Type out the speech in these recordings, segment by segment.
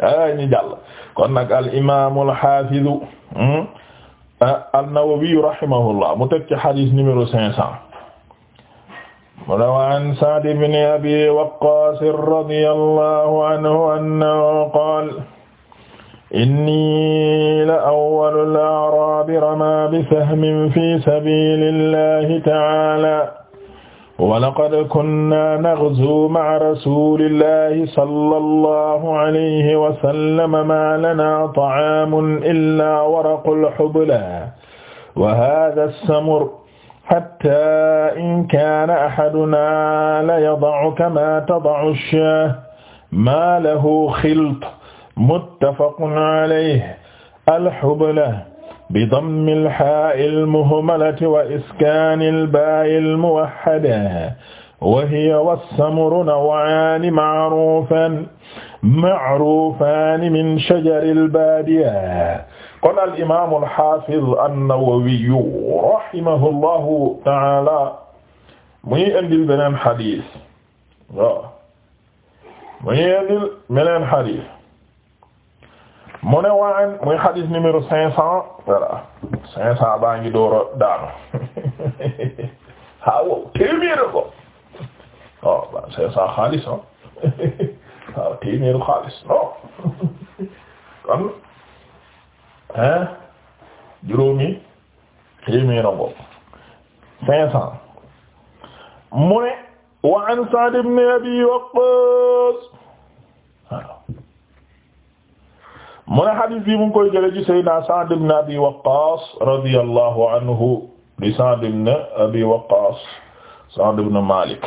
ay ah, ñu jàll kon nag al imaamu al xaafidu hmm? an-Nawawi ah, rahimahullah mu teg ci xadis numéro cinq cent mu ne wa an Sa'd ibn Abi Waqqas radiyallahu anhu annahu qaala inni la awwalul a'raabi ramaa bi sahmin fi sabiilillahi ta'aala walaqad kunna naghzu ma'a rasulillahi sallallahu alayhi wa sallam ma lana ta'aamun illaa waraqul hubla wa haadha as-samur hatta in kaana ahadunaa la yada'u kamaa tada'u ash-shaah maa lahu khilt muttafaqun alayhi al-hubla بدم الحاء المهملة وإسكان الباء الموحدة وهي والسمر نوعان معروفان معروفان من شجر البادية قال الإمام الحافظ النووي رحمه الله تعالى muy indil beneen xadis waaw muy indil beneen xadis mu ne waan muy xadis numéro cinq cent voilà cinq cent door a daanu waaw téeméer ko oh, waaw ba cinq cent xaalis ah waaw téeméeru xaalis non oh. kon hein juróomi téeméer a ngo cinq mu ne waan Sa'd ibn Abi Waqqas mu ne xadis bi mu ngi koy jële ci Seydina Sa'd ibn Abi Waqqas radiyallahu anhu di Sa'd ibn Abi Waqqas Sa'd ibn Malik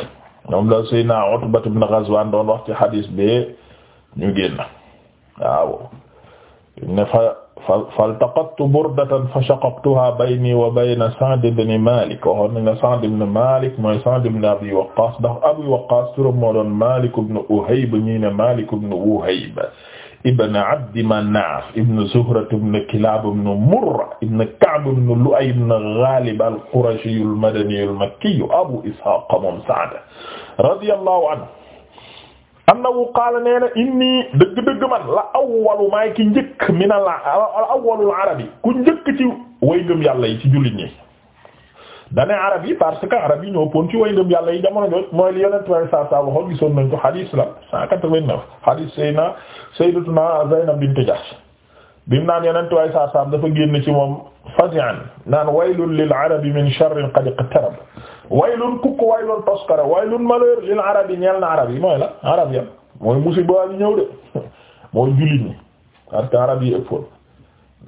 moom la Seydina Utba ibn Ghazwan doon wax ci xadis bee ñu génn waaw ne fa faltaqattu burdatan fa shaqaqtuha bayni wa bayna Sa'd ibn Malik waxoon nañ ne Sa'd ibn Malik mooy Sa'd ibn Abi Waqqas ndax Abi Waqqas turam moo doon Malik ibn Uhayb ñii ne Malik ibn Uhayb ibn Abdi Manaf ibn Zuhra ibn Kilab ibn Murra ibn Ka'b ibn Lu'ay ibn Ghalib al-Qurashi al-Madani al-Makki Abu Ishaq moom Sa'd radiyallahu anhu annahu qaala nee na inni dëgg-dëgg man la awwalu maay ki njëkk min al awwalul arabi ku njëkk ci way ngëm yàlla yi ci jullit ñi dane arab yi parce que yi ñoo pon ci way ngëm yàlla yi jamono jooju mooy li yonent way sa sa waxoon gisoon nañ ko hadis la 189 hadis sayna sayyidatuna Zaynab bint Jahsh bim naan yonent way sa sa dafa génn ci moom fazi'an naan waylun lil arabi min sharrin qad iqtarab waylun kukk waylun toskare waylun malheur lil arabi ñeel na arab yi mooy la arab ya mooy musiba ñëw de mooy jullit ñi parce que arab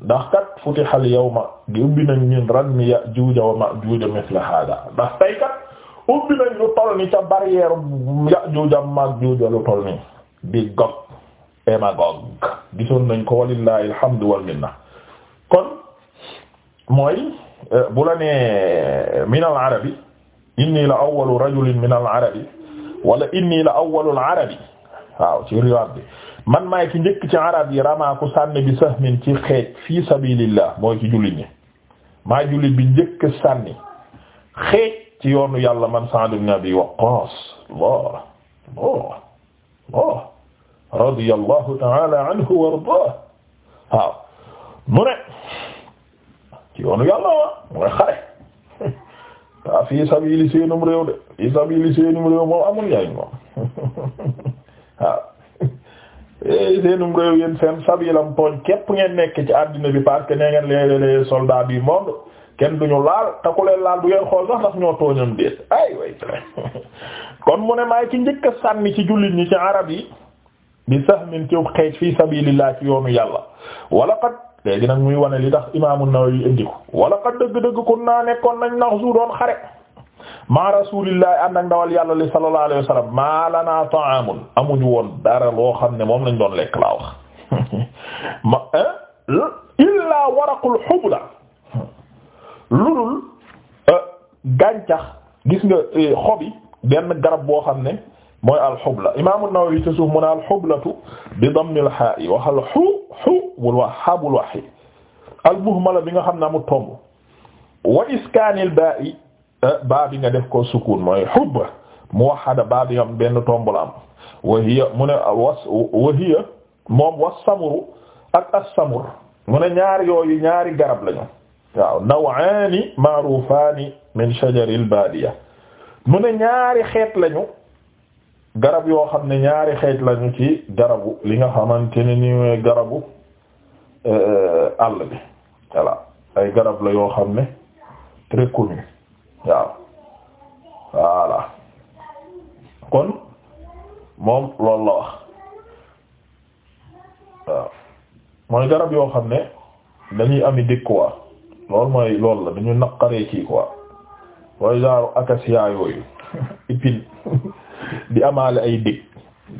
ndax kat futihal yawma gi ubbi nañ min ragmi ya'juuj wa ma'juuj mithla hada ndax tey kat ubbi nañ lu toll ni ca barrière ya'juuj ak ma'juuj lu toll ni di Gog et gisoon nañ ko walillahi alhamdu wal minna kon mooy euh, bu la nee min al arabi inni la awwalu rajulin min al arabi wala inni la awwalu al arabi waaw ci riwaat bi man maay ki njëkk ci arab yi ramaaku sànni bi sahmin ci xeej fii sabilillah mooy ci jullit ñi maa jullit bi njëkk sànni xeej ci yoonu yàlla man Sa'd ibn Abi Waqqas Allah Allah Allah radiyallahu ta'ala anhu wa ardaah waaw mu ne ci yoonu yàlla mooy amul yaay moom waaw Eh, seenum réew yéen seen sabilam tooñ képp ngeen nekk ci àddina bi parce que nee ngeen les les soldats du monde kenn duñu laal te ku leen laal du ngeen xool sax ndax ñoo tooñam déet ay way kon mu ne maay ci njëkk a sànni ci jullit ñi ci arab yi bi sahmin ci xeej fii sabilillah ci yoonu yàlla wala qad léegi nag muy wane li tax imaamu Nawawi indi ko wala qad dëgg-dëgg kun naa nekkoon nañ nax su doon xare ma rasulillahi ànd ak ndawal yàlla li sallallahu alayhi wa sallam ma lana ta'amun amuñu woon dara loo xam ne moom lañ doon lekk laa wax ma illaa waraqul xubla lulul euh, gàncax gis nga euh, xobi benn garab boo xam ne mooy alxubla imaam an-Nawawi ci suuf mu ne alxublatu bi dammil xaa'i waxal xu xu bul wax xaabul waxi almuhmala bi nga xam ne amul tomb wa iskaanil baa'i Euh, baa bi nga def ko sukun mooy hubba mu baa bi nga am benn tombola am wa hiya mu uh, wa moom was samuru ak as-samur mu ne ñaar yooyu ñaari garab lañu waaw nawaani maarufaani min shajaril baadiya mu ne ñaari xeet lañu garab yoo xam ne ñaari xeet lañu ci garabu li nga xamante ne ni mooy garabu euh, àll bi voilà ay garab la yoo xam ne très connu waaw voilà kon moom loolu la wax waaw mooy garab yoo xam ne dañuy ami dëkk quoi loolu mooy loolu la dañu naqaree ci quoi mooy genre acacia yooyu di amaale ay dëkk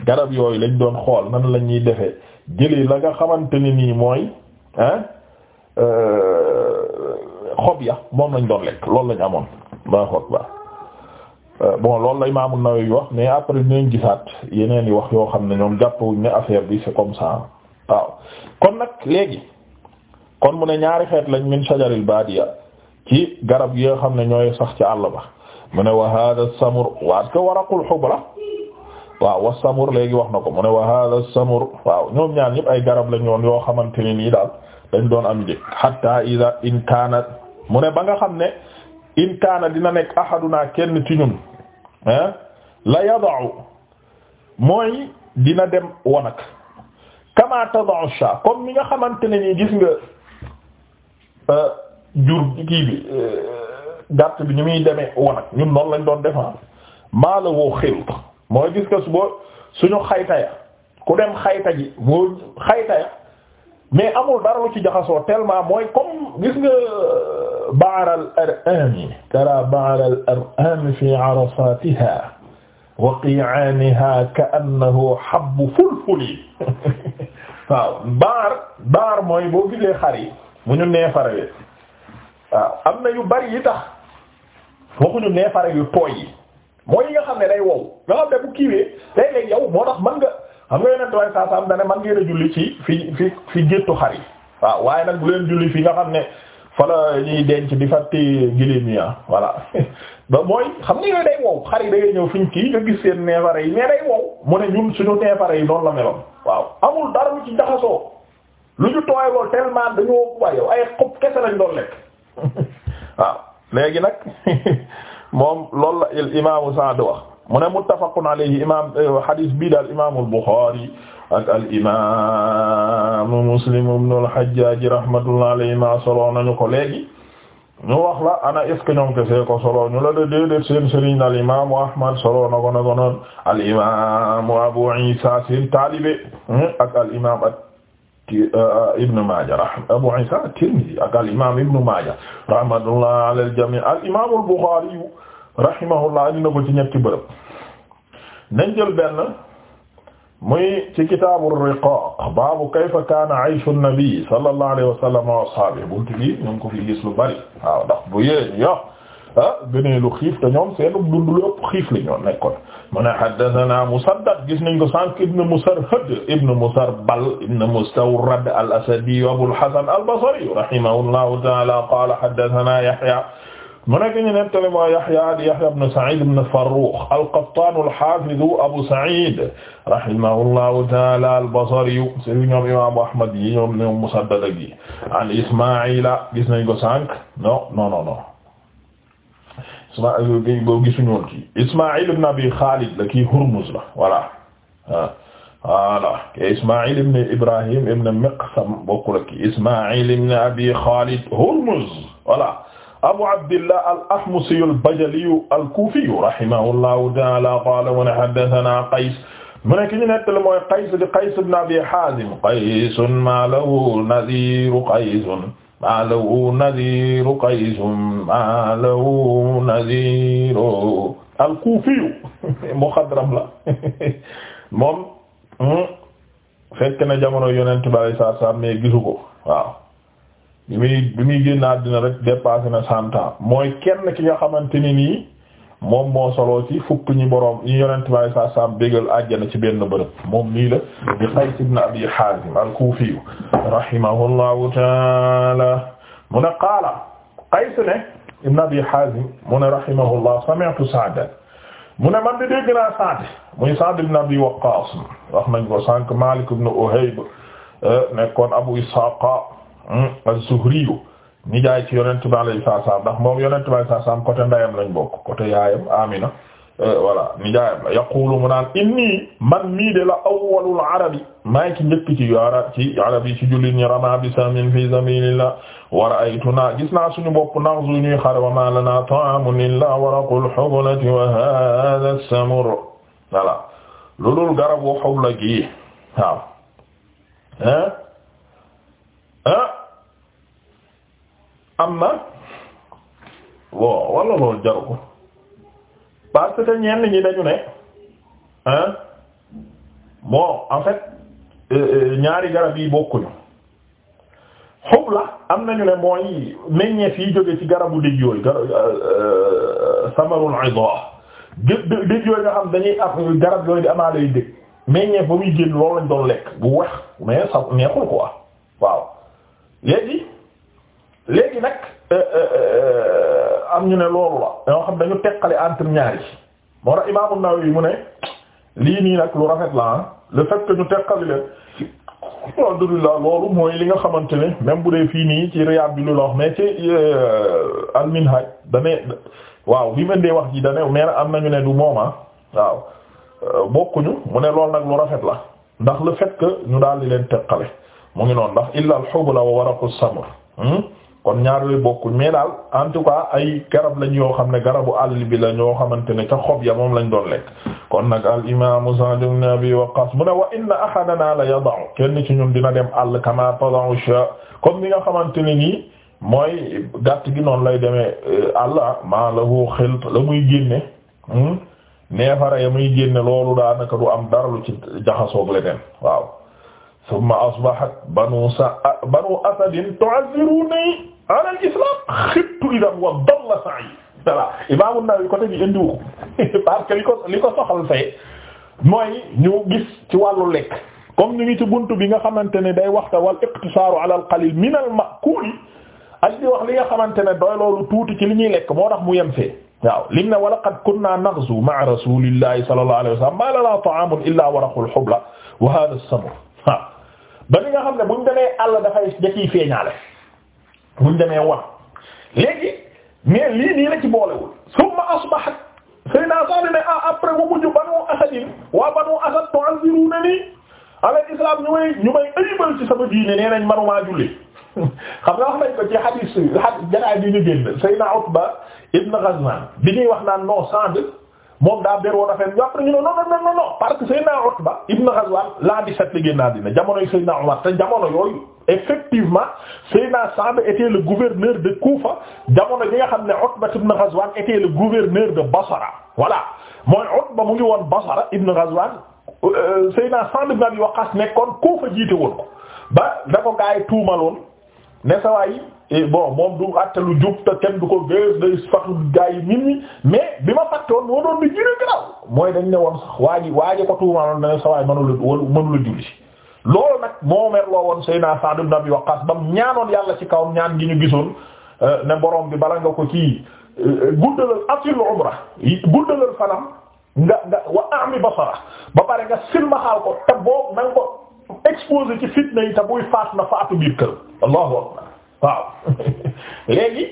garab yooyu lañ doon xool nan la ñuy defee jëlee la nga xamante ni nii mooy euh, xob ya moom lañ doon lekk loolu lañ amoon Allahu akbar euh, bon loolu la Imaam An-Nawawi wax mais après dinañ gisaat yeneen i wax yoo xam ne ñoom jàppuñ ne affaire bi c'est comme ça waaw kon nag léegi kon mu ne ñaari xeet lañ min shajaril baadiya ci garab yi xam ne ñooy sax ci àll ba mu ne wa hada samur waat ko waraqul xubra waaw wa samur léegi wax na ko mu ne wa hada samur waaw ñoom ñaar ñëpp ay garab lañ woon yoo xamante ne nii daal dañ doon am njëg hatta ida in kaanat mu ne ba xam ne in kaana dina nekk ahaduna kenn ci ñun ah la yada'u mooy dina dem wanag kama tada'u sha comme mi nga xamante ne nii gis nga euh, jur kii bi euh, bi ñu muy demee wanag ñun noonu lañ doon defar maa la woo xilt mooy gis nga su suñu xayta ya ku dem xayta ji moo xayta ya mais amul dara lu ci jaxasoo tellement mooy comme gis nga. ba'ar al-ar'aam taraa ba'ar al-ar'aam wa qi'aanihaa ka'annahu habbu fulfuli waaw baar mooy boo gisee xar mu ñu neefaree waaw am na yu bari yi tax waxuñu neefare yu tooy yi mooy yi nga xam ne day wow nga xam ne bu kiiwee léeg-léeg yow moo tax mën xam nga am da ne mën ngeen a julli ci fi fi fi géttu xar yi waaye nag bu leen julli fi nga xam ne. fa la ñuy denc di fàttee giléem yi ba mooy xam nga yooyu day wow xar yi ñëw fiñ kii nga gis seen neefare yi mais day wow mu ne ñun suñu neefare yi noonu la meloon waaw amul dara lu ci jaxasoo lu ñu tooy lool tellement dañoo waaye ay xob kese lañ doon lekk waaw léegi nag moom loolu la il imaamu Sa'd wax mu ne muttafaqun alayhi imaam eh, hadis bii daal ak al imaamu muslim ibn al hajjaj rahmatullah alayhima solo nañu ko léegi ñu ana est ce que solo ñu la de déedéet seen sëriñ al imaamu ahmad solo na ko na hmm, al imaam uh, ibn abu isa at-tirmidhi ak al imaam ibn maaja rahmatullah ala al al imaam al bukhari rahimahullah indi na ko ci ñetti bërëb muy ci kitaabu riqaaq baabu kayfa kaana ayshu nabi sallallahu alayhi wa sallam wa ashaabihi buntu bi ñu ngi ko fi gis lu bari waaw ndax bu yee yo ah gënee lu xiif te ñoom seen dund lu ëpp xiif la ñoo nekkoon mu ne haddathana Musaddad gis nañ ko sànq ibn Musarhad ibn Musarbal ibn Mustawrad al-Asadi Abul Hasan al-Basri rahimahullahu ta'ala qaala haddathana Yahya mu nekk ñu nettali mooy Yahya di Yahya ibn Sa'id ibn Farrukh al-Qattan al-Hafiz Abu Sa'id rahimahullahu ta'ala al-Basri si ñoom Imam Ahmad yi ñoom ñoom Musaddad yi an Isma'ila gis nañ ko sànq non non non non Isma'il boo gisuñu woon kii Isma'il ibn Abi Khalid la kii Hurmuz la voilà voilà Isma'il ibn Ibrahim ibn Miqsam bokkul ak Isma'il ibn Abi Khalid Hurmuz voilà abu abdillah al-ahmusiyu al-bajaliyu al-kufiyu rahimahullahu ta'ala qala wa haddathana qays mu ne ki ñu nettali mooy qays di qays ibn abi hazim qaysun ma lahu nadhiru qaysun ma lahu nadhiru qaysun ma lahu nadhiru al-kufiyu muxadram la moom hmm, fekk na jamono yonent bi sallallahu alayhi wasallam gisu ko waaw bi muy bi muy génn àddina rek dépassé na mooy kenn ki nga xamante ni moom moo soloo ci fukk ñi boroom ñi yonent bi saa saam bégal àjjana ci benn bërëb moom nii la di Qays ibn Abi Hazim al-Kufi rahimahullahu taala mu ne qaala Qays ne ibn Abi Hazim mu ne rahimahullah sami'tu Sa'd mu ne man de dégg naa Sa'd muy Abi Waqqas wax nañ ko sànq Malik ibn Uhayb eh, nekkoon Abu Ishaqa Hmm? az-Zuhriyu ni jaay ci yonent bi alayhi salaam ndax moom yonent bi alayhi salaam côté ndayam lañ bokk côté yaayam Amina euh, voilà ni jaayam la yaqulu mu naan inni man mii de la awwalul arabi maa ngi ci njëkk ci arab ci arab yi ci jullit ñi rama bi samin fi sabilillah wa ra'aytuna gis naa suñu bopp naxzu ñuy xare wa ma lana ta'amun illa waraqul hublati wa hadha as-samur voilà loolu garabu xubla gi waaw am na bon wala loolu jaru ko parce ñi dañu ne hein bon en fait euh, euh, ñaari garab yi bokkuñu la am nañu ne mooy meññeef yi jóge ci garabu dëj yooyu garab euh, samarul idah dëj yooyu garab yooyu di amaale yu dëj meññeef ba muy génn loolu doon lekk bu wex mais sa neexul quoi léegi nag euh, euh, euh, am ñu ne loolu la ñoo xam dañu teqale entre ñaari moo tax Imaam An-Nawawi mu ne lii nii nag lu rafet la ah le ñu teqali leen alhamdulillah loolu mooy li nga xamante ne même bu dee fii nii ci Riyad bi lu la wax mais ci Al-Minhaj waaw bi mën dee wax ji dane mais am nañu ne du mooma ah. waaw bokkuñu mu ne loolu nag lu rafet la ndax la fait ñu daal di leen teqale mu ngi noonu ndax illa al-hubla wa waraqu as-samr hmm? kon ñaar yooyu bokkuñ mais daal en tout cas ay garab lañ yoo xam ne garabu àll bi la ñoo xamante ne ca xob ya moom lañ doon lekk kon nag al imaamu Sa'd ibn Abi Waqqas mu ne wa inna ahadana la yada'u kenn ci ñun dina dem àll kama tada'u sha comme ni nga xamante ne nii mooy gàtt gi noonu lay demee euh, àll ah, maa lahu xilt la muy génne hmm, neefare ya muy génne loolu daanaka du am dara lu ci jaxasoog leneen waaw summa asbahat banu sa banu asadin tu'azziruni alal islam xibtu idan wa dalla sa'i voilà Imam An-Nawawi côté bi indi wu parce que li ko li ko soxal fee mooy ñu gis ci wàllu lekk comme ñu ngi ci bunt bi nga xamante ne day waxta wal iqtisaaru ala al-qalil min al-ma'kul ak di wax li nga xamante ne doy tuuti ci li ñuy lekk moo tax mu yem fee waaw lim ne wa laqad kunna naghzu ma'a rasulillahi sallallahu alayhi wa sallam ma lana ta'amun illa waraqul hubla wa hadha as-samur waaw ba li nga xam ne buñ demee àll dafay da ciy buñ demee wan léegi mais lii nii la ci boolewul summa asbahat sëy naa sax ne ah après bu mujj banu asadin waa banu asad tu'aziruna nii ala islam ñu may ñu may ayibal ci sama diine nee nañ manumaa julli xam nga wax nañ ko ci hadis janaay bi ñu génn Seydina Utba ibn Ghazwan bi ñuy wax naan non Sa'd moom daa beroo affaire bi après ñu ne non non non non parce que Seydina Utba ibn Ghazwan laa di set li génn dina jamonoy Seydina Umar te jamono yooyu. effectivement Seydina Sa'd était le gouverneur de Koufa jamono ji nga xam ne Utba ibn Ghazwan était le gouverneur de Basra voilà mooy Utba mu ngi woon Basra ibn Ghazwan euh, euh, Seydina Sa'd ibn Abi Waqqas nekkoon Koufa jiite woon ko ba da ko tuumaloon ne sawaay eh, bon moom du àtte lu jub te kenn du ko gës day fatu gaa yi nit mais bi ma fàtte woon moo doon lu jëlee mooy dañ ne woon sax waa ji waa ji ko tuumaloon ne sawaay mënu la mënu la julli loolu nag moo merloo woon Seydina Sa'd ibn Abi Waqqas bam ñaanoon yàlla ci kawam ñaan gi ñu gisoon euh, ne boroom bi bala nga ko ci euh, guddalal asil umra guddalal fanam nga nga wa a'mi basara ba pare nga silmaxaal ko te boo na nga exposé ci fitna yi te buy faat na faatu biir kër allahu akbar waaw léegi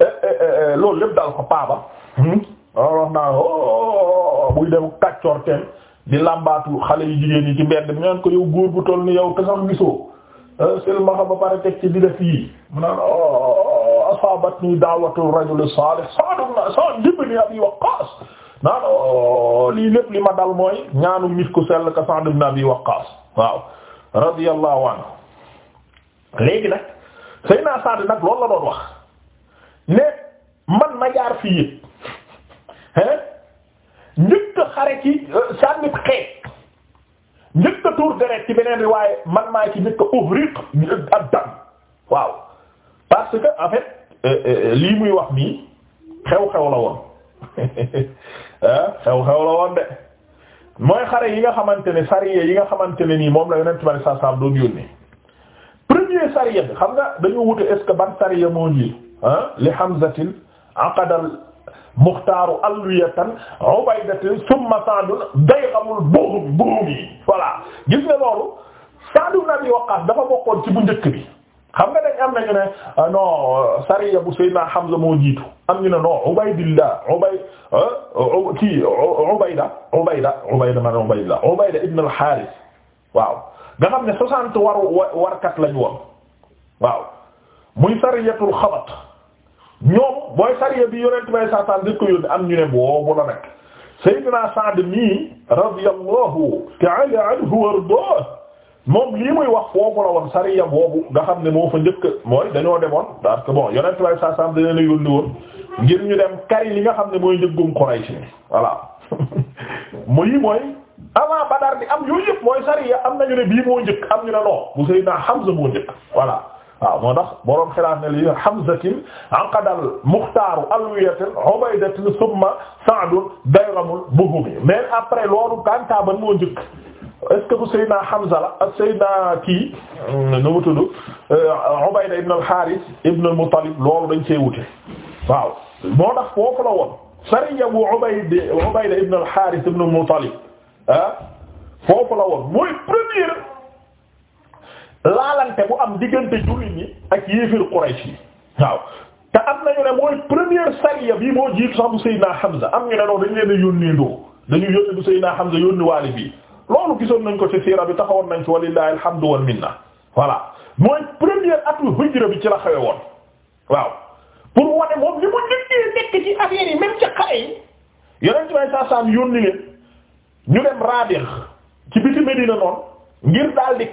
euh, loolu lépp dal ko paaba loolu hmm? oh, buy dem kàccoor teen di làmbaatu xale yu jigéen yi ci mbedd mi naan ko yow góor bu toll ni yow te sax gisoo euh, silmaxa ba pare teg ci di def yii mu naan oh, asaabatni daawatu rajul saalih Sa'd oh, lii lépp li ma dal mooy ñaanu nit ku sell ka Sa'd ibn Abi Waqqaas waaw radiyallahu anhu léegi nag Seydina Sa'd nag loolu la doon wax ne man ma jaar fii yëpp njëkk a xare ci euh, sànni xeej njëkk a tuur ci beneen riwaaye man maa ci njëkk a uhriq ak dam waaw parce que en fait euh, euh, lii muy wax nii xew-xew la woon ah, xew-xew la woon de mooy xare yi nga xamante ne sariya yi nga xamante ne nii moom la yonent bari saa saam doon yónnee premier sariya bi xam nga dañu wute est ce que ban sariya moo ji ah li Hamzatin aqadal muxtaaru alluyatan ubaydatin summa sa'dun dayqamul burum burum yi voilà gis nga loolu Sa'd ibn Abi Waqqas dafa bokkoon ci bu njëkk bi xam nga dañ am nañu ne euh, non euh, sariya bu Seydina Hamza moo jiitu am ñu ne non Ubaydillah Ubay euh, kii Ubayda Ubayda Ubayda man Ubaydillah Ubayda ibn al-Harith waaw nga xam ne soixante waru warkat lañu woon waaw muy sariyatul xabat ñoom booy sariya bi yonent bay saasan di ko yónni am ñu ne boobu la nag Seydina Sa'd mi radiyallahu ta'ala anhu warda moom lii muy wax foofu la woon sariya boobu nga xam ne moo fa njëkk mooy dañoo demoon parce que bon yonent bay saasan dina la yónni woon ngir ñu dem kari li nga xam ne mooy njëggum Quraysh ni voilà muy mooy avant Badar bi am yooyu yëpp mooy sariya am nañu ne bii moo njëkk am ñu ne non bu Seydina Hamza moo njëkk voilà waaw moo tax boroom xilaaf ne li hamzatin anqadal muxtaaru alwiyatin ubaydatin summa sa'dun dayramul buhumi mais après loolu kanta ban moo njëkk est-ce que bu Seydina Hamza la ak Seydina kii nu mu tudd euh, Ubayda ibn al-Harith ibn al-Muttalib loolu dañ cee wute waaw moo tax foofu la woon sariya bu Ubayd Ubayda ibn al-Harith ibn al-Muttalib ah foofu la woon mooy première laalante bu am diggante jullit ñi ak yéefir Quraysh yi waaw te am nañu ne mooy première sariya bii moo jiit sax bu Seydina Hamza am ñu ne noonu dañu leen a yónnee ndoo dañu yónni bu Seydina Hamza yónni waale bii loolu gisoon nañ ko ci siira bi taxawoon nañ ci walillahi alhamdu wal minna voilà mooy première atu hijra bi ci la xewe woon waaw pour wane moom li mu njëkkee nekk ci affaire yi même ci xare yi yonent may saa saam yónni leen ñu dem Rabigh ci biti ngir daal di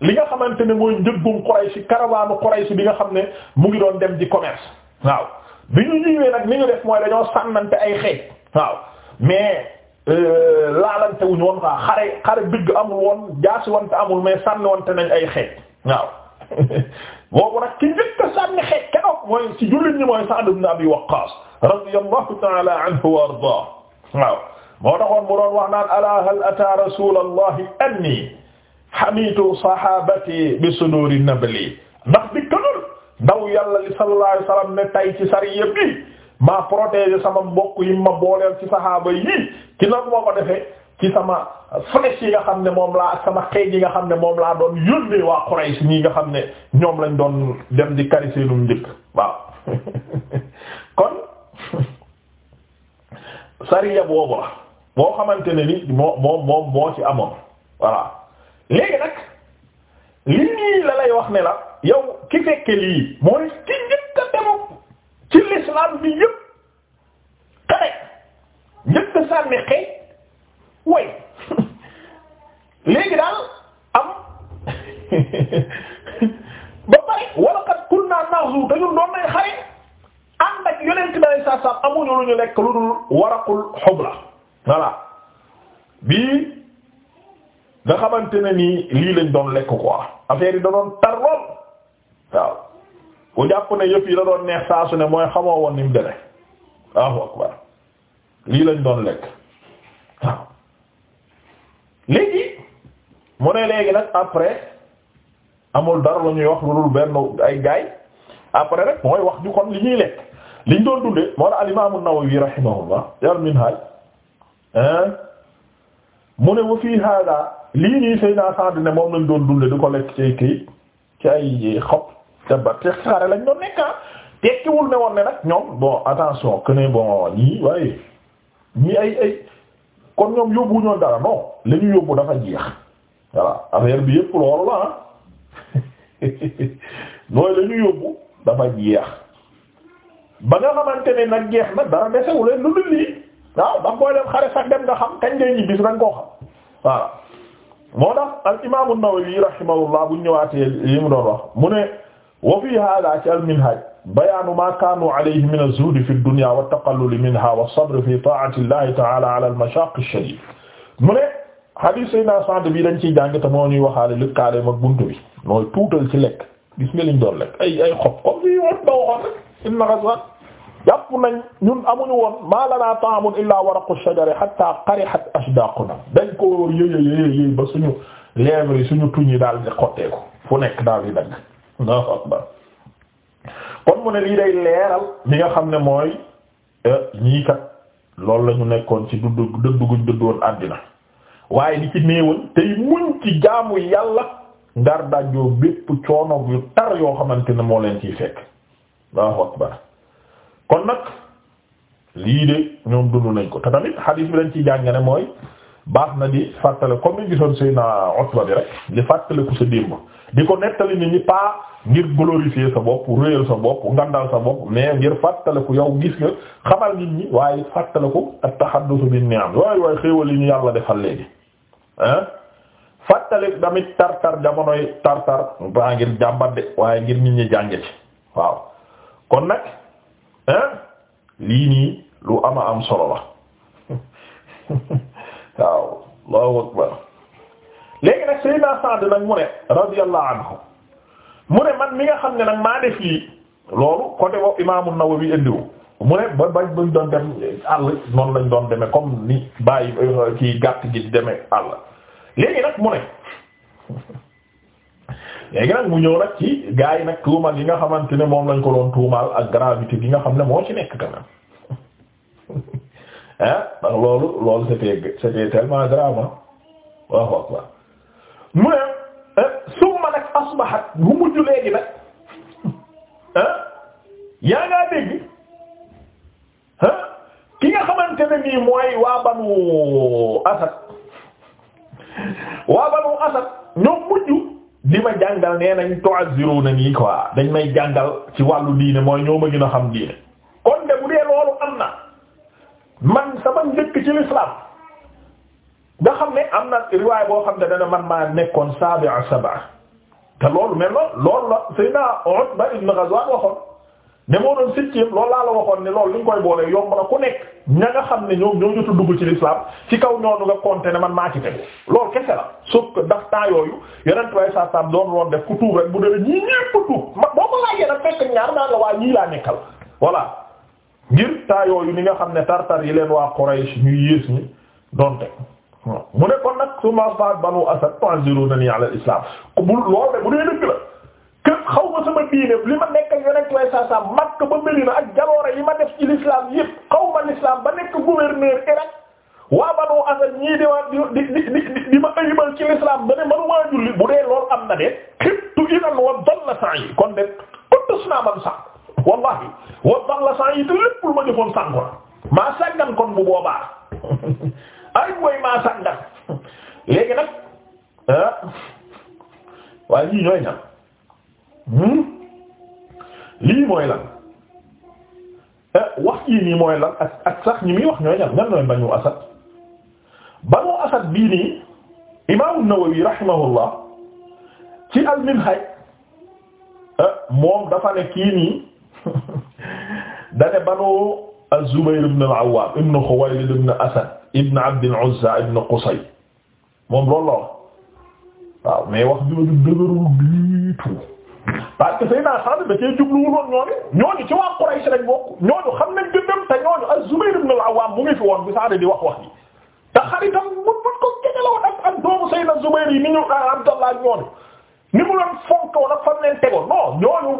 li nga xamante ne mooy njëggum Quraysh karawaanu Quraysh bi nga xam ne mu ngi doon dem di commerce waaw bi ñu ñëwee nag li ñu def mooy dañoo sànnante ay xeej waaw mais euh, laalante wuñu woon quoi xare xare dëgg amul woon jaasi wante amul mais sànniwante nañ ay xeej waaw boobu nag ki njëkk sànni xeej keroog mooy ci jullit ñi mooy Sa'd ibn Abi Waqqas radiyallahu ta'ala anhu wa ardaah waaw moo taxoon mu doon wax naan ala hal ata rasulallahi anni hamitu sahabati bi suduri nabli ndax di kanul ndaw yàlla li sallallahu alayhi wasallam ne tay ci sariya bi maa protéger sama mbokk yi ma booleel ci sahaaba yi ci nan moo ko defee ci sama flèche yi nga xam ne moom laa ak sama xeej yi nga xam ne moom laa doon yónnee waa Quraysh ñi nga xam ne ñoom lañ doon dem di kari seenum njëkk waaw kon sariya boobu la boo xamante ne ni moo moom moo ci amoon voilà lay wax la yow ki fekke lii mooy ki njëkk a demu ci l'islam bi yëpp xare njëkk a sànni xëy way léegi daal am ba pare wala kat kunna naxu te ñun doon nañ xare ànd ak yonent bi alayhi salaam amuñu lu ñu lekk lu dul waraqul xubla voilà bii. nga xamante ne nii lii lañ doon lekk quoi affaire yi da doon tar lool waaw bu jàpp ne yëf yi da doon neex saa ne mooy xamoo woon ni mu deme waaw akbar lii lañ doon lekk waaw léegi mu ne amul dara ñuy wax lu dul benn ay gaay après mooy wax lekk liñ doon dundee moo al imaam an-Nawawi rahimahullah yar minhaj mu ne wa fii hada lii nii sëy naa Saad moom lañ doon dundee di ko lekk ci ay këyit ci ay xob te ba te xare lañ doon nekk ah. tekkiwul ne woon ne nag ñoom bon attention que ne bon ñii waaye ñii ay ay kon ñoom yóbbu ñoon dara non la yóbbu dafa jeex affaire bi yëpp loolu la ah ba nga xamante ne nag jeex na dara desewuleen lu dul lii waaw ba nga koy xare sax dem nga xam kañ ngay ñibbi si da koo xam voilà. moo tax al imaamu Nawawi rahimahullah bu ñëwaatee li mu doon wax mu ne wa fii haadaa ci al minhaj bayaanu maa kaanu alayhi min az-zuhd fi ad-dunya wa at-taqallul minha wa as-sabr fi ta'ati llahi ta'ala ala al-mashaaq ash-shadiid mu ne hadith Seydina Sa'd bi dañ ciy jàng te moo ñuy waxaale lëkkaale mag buntu bi mooy tuutal ci lekk gis nga liñ doon lekk ay ay xob xob yi woon ba waxoon rek jàpp nañ ñun amuñu woon ma lana ta'amun illa waraqu shajari hatta qarihat ashdaquna dañ ko yëyëyëy yëy ba suñu lèvres suñu tuñ yi daal di xotteeku fu nekk daal di dagg Allahu kon mu ne lii day leeral li nga xam ne mooy eh, ñii kat loolu la ñu nekkoon ci dudd dëdd guñ dëddoon àddina waaye di ci néewal tey muñ ci jaamu yàlla ngar dajjoo bépp coono yu tar yoo xamante ne moo leen ciy fekk kon nag lii de ñoom dund nañ ko te tamit xadiis bi lañ ci jàngale mooy baax na di fàttale comme ni gisoon Seydina Utba bi rek di fàttale ku sa démb di ko nettali nit ñi pas ngir glorifier sa bopp réyal sa bopp ngandal sa bopp mais ngir fàttaliku yow gis nga xamal nit ñi waaye fàttaliku at-tahaddusu bin-ni'am waaye waaye xéewal yi ñu yàlla defal léegi ah fàttali tamit tar-tar jamonoy tar-tar baa ngir jàmbat de waaye ngir nit ñi jànge ci waaw lii nii lu ama am solo la waaw Allahu akbar léegi nag Seydina Sa'd nag mu ne radiyallahu anhu mu ne man mi nga xam ne nag maa def lii loolu côté boobu Imaamu Nawawi indiwu mu ne ba bañ buñ doon dem àll noonu lañ doon demee comme ni bàyyi ci euh, gàtt gi di demee àll léegi nag mu ne léegi nag mu ñëw nag ci gars yi nag tuuma gi nga xamante ne moom lañ ko doon tuumaal ak gravité bi nga xam ne moo ci nekk quand même ndax loolu loolu c'était c'était tellement grave ah waaw waaw mu ne eh, summa nag asbahat bu mujj léegi nag ah yaa ngaa dégg ah ki nga xamante ne nii mooy waa banu asad waa banu asad ñoom di ma jàngal nee nañ tu'azziruna nii quoi dañ may jàngal ci wàllu diine mooy ñoo ma gën xam diine kon de bu loolu am na man sama njëkk ci l'islam nga xam ne am na riwaay boo xam ne dana man maa nekkoon sabi'a sab'a te loolu mel na loolu la Seydina Utba ibn Ghazwan waxoon ne moo doon septième loolu laa la waxoon ne loolu li nga koy boole yomb na ku nekk ña nga xam ne ñoom ñoo jot dugg ci l'islam ci kaw ñoonu nga compter ne man maa ci tegu loolu kese la sauf ndax temps yooyu yeneen trois cent ans doon loon def ku tuub rek bu dee ñii ñëpp tuub ma boo ko laajee nag fekk ñaar naa la ñii laa nekkal voilà ngir temps yooyu ni nga xam ne tartar yi leen waa Quraysh ñu yées ñi doon mu nekkoon kon nag su ma faat banu asad tu'zirunani ala islam kër xaw ma sama diine li ma nekk ak yonent way saa saa Makka ba ak jaloore yi ma def ci l'islam yëpp xaw ma l'islam ba nekk gouverneur Irak waa Banu Asad ñii di waa di di di di ma ayibal ci l'islam ba ne manumaa julli bu dee loolu am na de xittu inan wa dalla sa'i kon de kuttus naa man sax wallahi wa dalla sa'i te ma defoon sànku na maa sàggan kon bu boobaa ay mooy maa sàggan léegi nag ah waaye ñii ñooy ñam Hmm? lii mooy lan eh, wax yii nii mooy lan ak ak sax ñi muy wax ñooy ñam ñan nooy banu asad banu asad bii nii imaamu Nawawi rahimahullah ci al-Minhaj eh, moom dafa ne kii nii da ne banu az-Zubayr ibn al-Awwam ibn Khuwaylid ibn Asad ibn Abd al-Uzza ibn Qusay moom loolu la waaw mais wax jooju dëgërul biitu parce que Seydina Sa'd da cee jubluwul woon ñooñu ñooñu ci waa Quraysh lañ bokk ñooñu xam nañ gëddam te a az-Zubayr ibn al-Awwam mu ngi fi woon bi Sa'd di wax wax ji te xaritam mu mën ko jegelewoon ak ak doomu Seydina Zubayr yi ni ñu Abdallah ñooñu ni mu doon fonkoon ak fan leen tegoon non ñooñu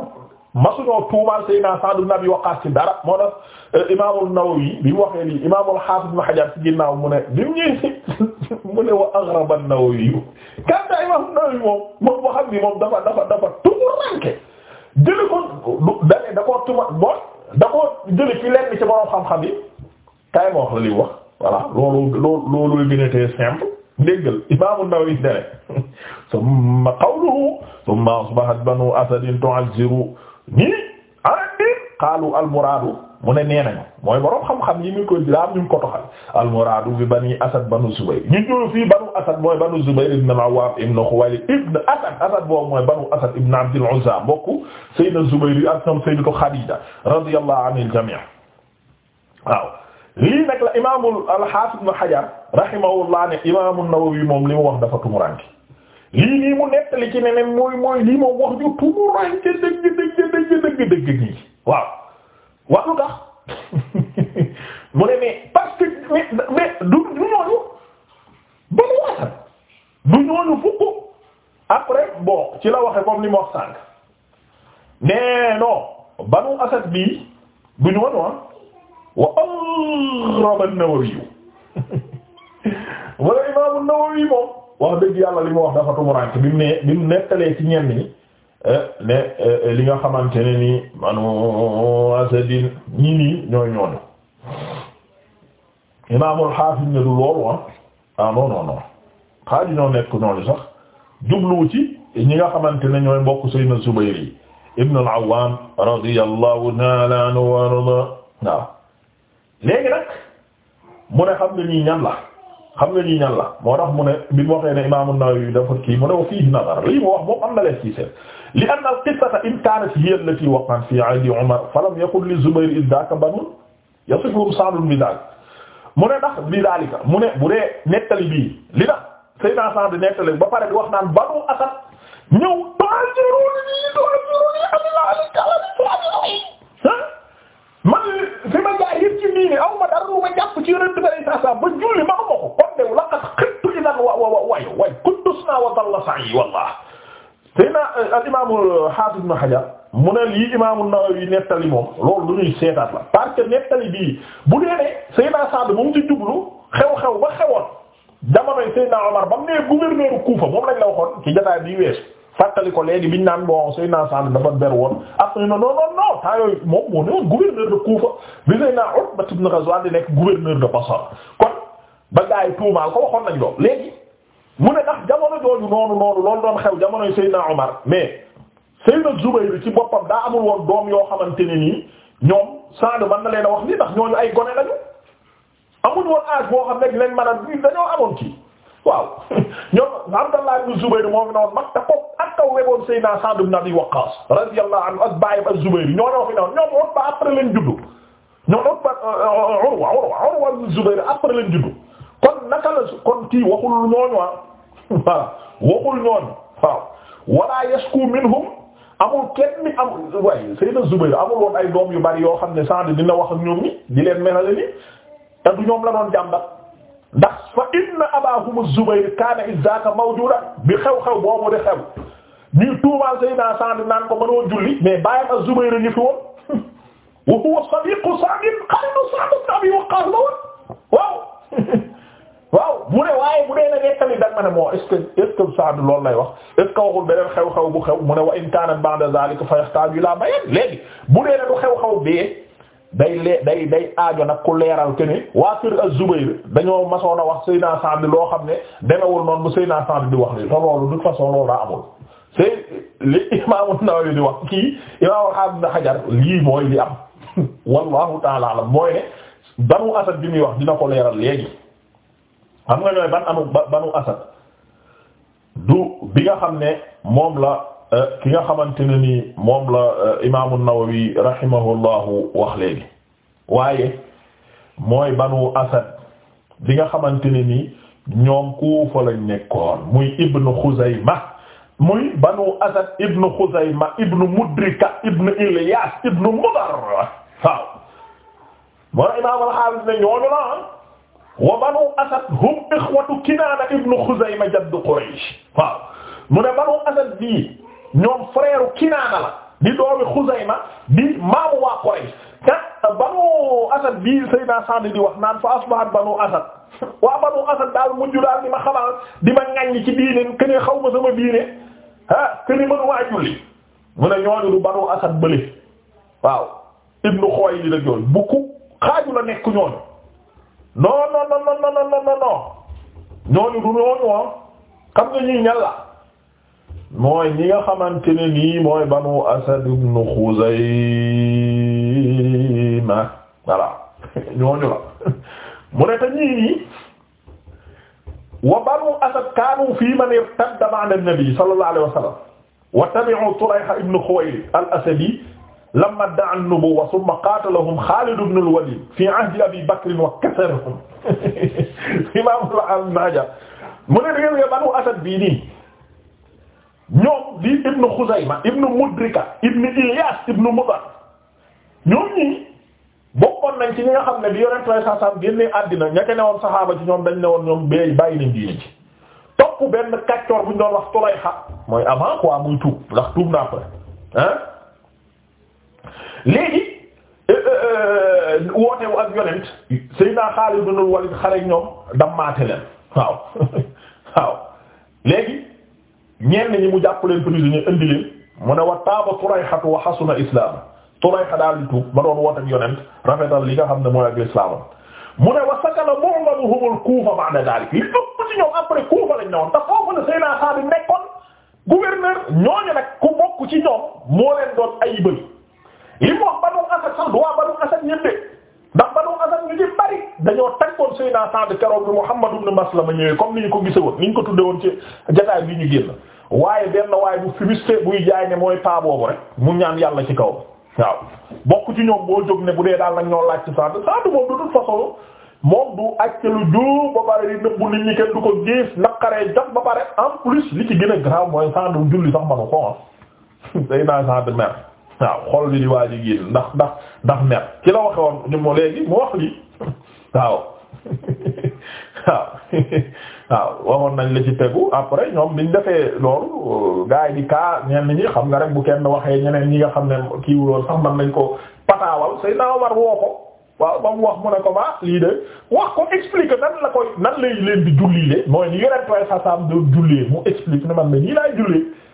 masuñoo tuumaal Seydina Sa'd ibn Abi Waqqas ci dara moo tax euh, Imaamul Nawawi bi mu waxee lii Imaamul Haafiz Ibn Hajar ci ginnaaw mu ne bi mu ñëwee mu ne wa aghraba an-Nawawi kanta Imaamul Nawawi moom moom boo xam ni moom dafa dafa dafa tumurànke jëlee ko da ne da koo tuma xam-xam yi kay ma wax la li wax loolu loolu loolu gën a tee simple ndéggal Imaam an-Nawawi dene summa qawluhu summa ñii arrêt bi xaalu almuraadu mu ne nee nañu mooy borom xam-xam yi ñu ko daam ñu ko toxal almuraadu bi bani asad banu zubayr ñu ñëw fii banu asad mooy banu zubayr ibn al-awwam ibn xuwaylid ibn asad asad boobu mooy banu asad ibn abd al-uzza mbokku sayyidina zubayr ak ñoom sayyidatu xadiija radiyallahu anil jamii waaw lii nag la imaamul al-hafiz ibn hajar rahimahullah ne imaamul nawawi moom li mu wax dafa tumuranke lii nii mu nettali ci neneen mooy mooy lii moom wax ju tumuraan ca dëgg dëgg dëgg dëgg dëgg gi waaw wax lu tax mu ne mais parce que mais du du ñooñu ba mu wasal du ñooñu fukk après bon ci la waxe comme li ma wax sànq mais non banu asad bii du ñooñu ah wa aghrab an-Nawawi wala imam an-Nawawi moom wax dëgg yàlla li mu wax dafa tumurànke bi mu ne ci ñenn eh, eh, li nga xamante ne ni manu asadin ñi nii ñooy ñooñu imaamul xaafis ne du loolu ah ah non non non ñoo nekk ñooñu sax jubluwu ci ñi nga xamante ni ñooy mbokk Seydina Zubayr yi al-Awwam radiyallahu ta'ala anhu wa arda waaw léegi nag mu ne xam ne ñii ñan la xam nga ñi ñan la moo tax mu ne bi mu waxee ne imaamu Nawawi dafa kii mu ne wa fiihi nazar lii mu wax moom am na lees ci seet li anna al-qissata in kaanat hiya allati waqa'at fi 'ahdi Umar falam yakun li Zubayr idh dhaka banun yasifuhum Sa'd bi dhalik mu ne ndax bi daalika mu ne bu dee nettali bii li tax Seydina Sa'd di nettali ba pare di wax naan Banu Asad ñëw taajiruni taajiruni ala al-kalami man fi ma jaar yëpp ci diine aw ma dara ci yonent bi sallallahu alayhi wasallam ma ma ko kon de laqad xittu idan wa wa wa waay wa dalla sa'i wallah sayna euh, al imam euh, Hafiz Ibn Hajar mu ne lii imam An-Nawawi nettali moom loolu lu ñuy seetaat la parce que nettali bii bu dee ne sayna Sa'd moom ci jublu xew-xew ba xewoon jamonoy sayna Omar ba mu nee gouverneur Kufa moom lañ la waxoon ci jotaay bi weesu fàttali ko léegi biñ naan bon Seydina Sa'd dafa ber woon après non non non temps yooyu moom moo ne woon gouverneur de Koufa bi Seydina Utba ibn Ghazwan di nekk gouverneur de Basra kon ba gaa yi tuumaal ko waxoon nañ lool léegi mu ne ndax jamono jooju noonu noonu loolu doon xew jamonoy Seydina Omar mais Seydina Zubayr ci boppam daa amul woon doom yoo xamante ne nii ñoom Sa'd man na leen a wax nii ndax ñooñu ay gone lañu amul woon âge boo xam ne dinañ mën a dañoo amoon waaw ñoom Abdallah ibn Zubayr moo fi noonu mag ka weboon Seydina Sa'd ibn Abi Waqqas radiyallahu anhu ak baayam az-Zubayr ñoo ñoo fi ne ñoom Utba après lañ juddu ñoom Utba euh, euh, euh, Urwa Urwa Urwa az-Zubayr après lañ juddu kon naka la kon kii waxul ñooñu ah waaw waxul ñooñu waaw wala yasku minhum amul kenn mi amul waaye Seydina Zubayr amul woon ay doom yu bari yoo xam ne Sa'd dina wax ak ñoom ni di leen melale ni te du ñoom la doon jàmbat ndax fa inna abahum az-Zubayr kaana izaka mawjuda bi xew-xew boobu di xew ñu tuumaal Seydina Sa'd naan ko mënoo julli mais bàyyam az-Zubayr a ngi waaw waaw bu ne waaye bu dee na nettali dag ma moo est-ce que est lay wax est-ce beneen xew-xew bu xew mu ne wa in kaana ba'da zaalika fa yaxtaaju ilaa bayan léegi bu dee na du xew-xew bee day lee day day aajo nag ku leeral ke ne waa kër dañoo masoon a wax Seydina Sa'd loo xam ne demewul noonu bu Seydina Sa'd di wax li te loolu de toute façon amul c'est li imaamu Nawawi di wax kii imaamu Ibn Hajar lii mooy li am wallahu taala alam mooy ne banu asad bi muy wax dina ko leeral léegi xam nga ñooy banu asad du bi nga xam ne moom la euh, ki nga xamante ne ni moom la euh, imaamu Nawawi rahimahullahu wax léegi waaye mooy banu asad bi nga xamante ni ñoom Kufa lañ nekkoon muy ibnu Xuzayma muy banu asad ibnu xuzayma ibnu mudrika ibnu ilyas ibnu mudar waaw moo imaam al-Hafiz ne ñooñu la wa banu asad hum ixwatu kinaana ibnu xuzayma jaddu quraysh waaw mu ne banu asad bii ñoom frère kinaana la di doomi xuzayma di maamu waa quraysh te banu asad bii sayyidina Sa'd di wax naan fa asbahat banu asad waa banu asad daal mujj daal di ma xamal di ma ŋaññi ci diine kenn xaw ma sama diine ah këni mën waa julli mu ne ñooñu du banu asad bële waaw ibnu xooy li la jooy bukku xaaju la nekk ñooñu non non non non non non ñooñu du ñooñu woon ah. xam nga ñuy ñal la mooy ñi nga xamante ne nii mooy banu asad ibnu xuzayma voilà ñooñu la mu ne te ñii nii wa banu asad kaanu fii man irtadda ma'a an-nabi sallallahu alayhi wa sallam wa tabi'u Tulayha ibn Khuwaylid al-Asadi lamma idda'a an-nubuwwa thumma qaatalahum Khalid ibn al-Walid fii 'ahdi Abi Bakr wa kasarahum Imam Ibn Hajar mu ne réew ya banu asad bii nii ñoom di ibn Khuzayma ibn Mudrika ibn Ilyas ibn Mudar ñoom ñii bokkoon nañ ci ñi nga xam ne bi yonent sallallahu alayhi wasallam génnee àddina ña ko newoon saxaaba ci ñoom dañ ne woon ñoom bee bàyyi nañ diine ci topp benn kàccoor bu ñu doon wax Tulayxa mooy avant quoi muy tuub ndax tuub na après ah. léegi euh, euh, euh, woote ak yonent Seydina Xaalid ibn Walid xare ñoom dammaate leen waaw waaw léegi ñenn ñi mu jàpp leen prisonnier indi leen mu ne wa taaba Tulayxatu wa xasuna islaam Tulayha daal di tuub ba doon wooteeg yonent rafetal li nga xam ne mooy ak lislaamam mu ne wa sakala mu'maruhumul Kufa ba'da dalik li ëpp ci ñoom après Kufa lañ newoon te foofu la Seydina Saad nekkoon gouverneur ñooñu nag ku bokk ci ñoom moo leen doon ayibal li mu wax Banu Asad sax du waa Banu Asad ñëpp ndax Banu Asad ñu bari dañoo taggoon Seydina Saad keroog bi Muhammad ibn Maslama ñëwee comme ni ñu ko gise woon ni ñu ko tudde woon ci jotaay bi ñu génn waaye benn bu mooy paa mu ñaan yàlla ci kaw waaw bokk ci ñoom boo jóg ne bu dee daal nag ñoo laaj ci sant sant moom de toute façon moom du àcc lu juum ba pare di nëbbu nit ñi kenn du ko gis naqaree jot ba pare en plus li ci gën a grave mooy sant julli sax manu ko ah day naa sant mer waaw xol bi di waa ji ndax ndax ndax mer ki la waxe woon ñu mo léegi mu wax lii waaw. waaw waxoon nañ la ci tegu après ñoom biñ defee loolu gars yi di kaa ñenn ñi xam nga rek bu kenn waxee ñeneen ñi nga xam ne kii loolu sax man nañ ko pataawal Seydina Omar woo ko waaw ba mu wax mu ne ko ma ah, lii de wax ko explique nan la koy nan lay leen di julli de mooy ni yonent way sa sam doon jullee mu explique ne man nii laay jullee